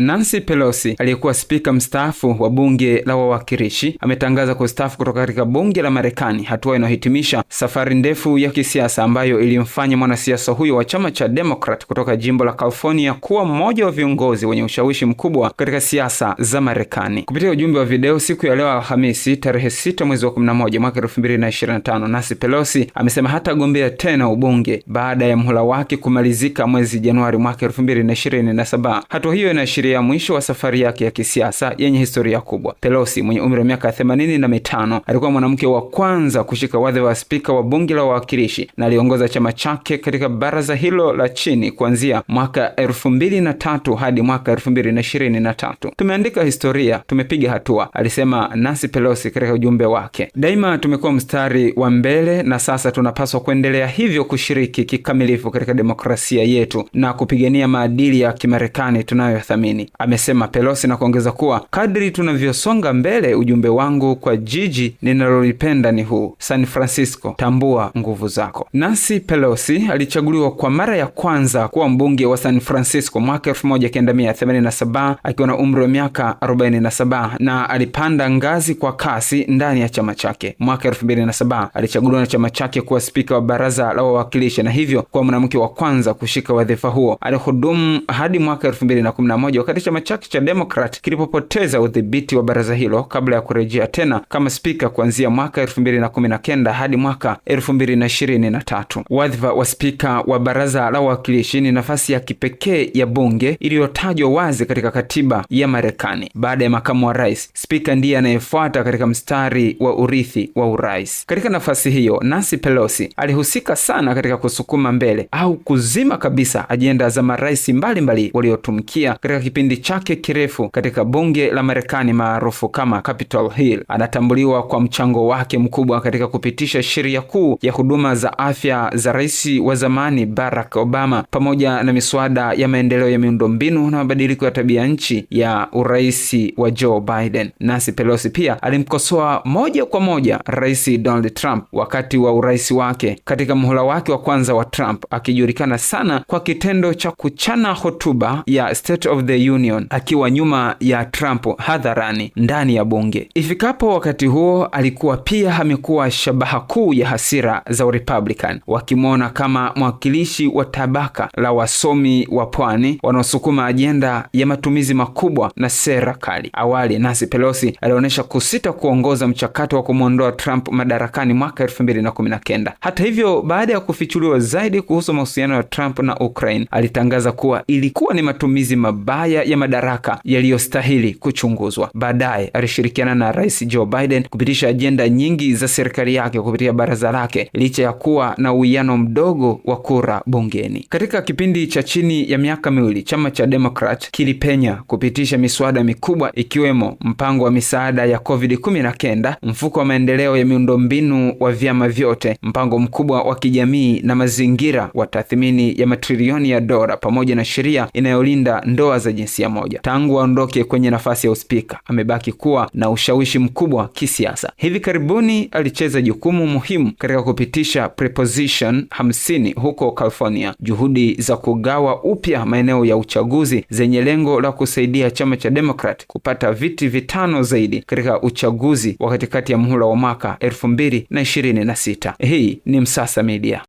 Nancy Pelosi aliyekuwa spika mstaafu wa bunge la wawakilishi ametangaza kustaafu kutoka katika bunge la Marekani, hatua inayohitimisha safari ndefu ya kisiasa ambayo ilimfanya mwanasiasa huyo wa chama cha Democrat kutoka jimbo la California kuwa mmoja wa viongozi wenye ushawishi mkubwa katika siasa za Marekani. Kupitia ujumbe wa video siku ya leo Alhamisi, tarehe 6 mwezi wa 11 mwaka 2025, Nancy Pelosi amesema hatagombea tena ubunge baada ya mhula wake kumalizika mwezi Januari mwaka 2027. Hatua hiyo inaashiria sherehe ya mwisho wa safari yake ya kisiasa yenye historia kubwa. Pelosi mwenye umri wa miaka themanini na mitano alikuwa mwanamke wa kwanza kushika wadhifa wa spika wa bunge la wawakilishi na aliongoza chama chake katika baraza hilo la chini kuanzia mwaka elfu mbili na tatu hadi mwaka elfu mbili na ishirini na tatu. Tumeandika historia, tumepiga hatua, alisema Nancy Pelosi katika ujumbe wake. Daima tumekuwa mstari wa mbele na sasa tunapaswa kuendelea hivyo, kushiriki kikamilifu katika demokrasia yetu na kupigania maadili ya Kimarekani tunayothamini. Marekani, amesema Pelosi na kuongeza kuwa kadri tunavyosonga mbele, ujumbe wangu kwa jiji ninalolipenda ni huu: San Francisco, tambua nguvu zako. Nancy Pelosi alichaguliwa kwa mara ya kwanza kuwa mbunge wa San Francisco mwaka 1987 akiwa na umri wa miaka 47 na alipanda ngazi kwa kasi ndani ya chama chake. Mwaka 2007 alichaguliwa na chama chake kuwa spika wa baraza la wawakilishi na hivyo kuwa mwanamke wa kwanza kushika wadhifa huo. Alihudumu hadi mwaka 2011 wakati chama chake cha Demokrat kilipopoteza udhibiti wa baraza hilo kabla ya kurejea tena kama spika kuanzia mwaka 2019 hadi mwaka 2023. Wadhifa wa spika wa baraza la wawakilishi ni nafasi ya kipekee ya bunge iliyotajwa wazi katika katiba ya Marekani. Baada ya makamu wa rais, spika ndiye anayefuata katika mstari wa urithi wa urais. Katika nafasi hiyo, Nancy Pelosi alihusika sana katika kusukuma mbele au kuzima kabisa ajenda za marais mbalimbali waliotumikia katika kipindi chake kirefu katika bunge la Marekani maarufu kama Capitol Hill. Anatambuliwa kwa mchango wake mkubwa katika kupitisha sheria kuu ya huduma za afya za rais wa zamani Barack Obama pamoja na miswada ya maendeleo ya miundombinu na mabadiliko ya tabia nchi ya urais wa Joe Biden. Nancy Pelosi pia alimkosoa moja kwa moja Rais Donald Trump wakati wa urais wake katika muhula wake wa kwanza wa Trump, akijulikana sana kwa kitendo cha kuchana hotuba ya State of the Union akiwa nyuma ya Trump hadharani ndani ya bunge. Ifikapo wakati huo, alikuwa pia amekuwa shabaha kuu ya hasira za Republican, wakimwona kama mwakilishi wa tabaka la wasomi wa pwani wanaosukuma ajenda ya matumizi makubwa na sera kali. Awali Nancy Pelosi alionyesha kusita kuongoza mchakato wa kumwondoa Trump madarakani mwaka 2019. Hata hivyo, baada ya kufichuliwa zaidi kuhusu mahusiano ya Trump na Ukraine, alitangaza kuwa ilikuwa ni matumizi mabaya haya ya madaraka yaliyostahili kuchunguzwa. Baadaye alishirikiana na Rais Joe Biden kupitisha ajenda nyingi za serikali yake kupitia baraza lake licha ya kuwa na uwiano mdogo wa kura bungeni. Katika kipindi cha chini ya miaka miwili, chama cha Democrat kilipenya kupitisha miswada mikubwa ikiwemo mpango wa misaada ya COVID-19, mfuko wa maendeleo ya miundombinu wa vyama vyote, mpango mkubwa wa kijamii na mazingira wa tathmini ya matrilioni ya dola pamoja na sheria inayolinda ndoa za jinsia moja. Tangu aondoke kwenye nafasi ya uspika, amebaki kuwa na ushawishi mkubwa kisiasa. Hivi karibuni alicheza jukumu muhimu katika kupitisha preposition 50 huko California, juhudi za kugawa upya maeneo ya uchaguzi zenye lengo la kusaidia chama cha Democrat kupata viti vitano zaidi katika uchaguzi wa katikati ya muhula wa mwaka 2026. Hii ni Msasa Media.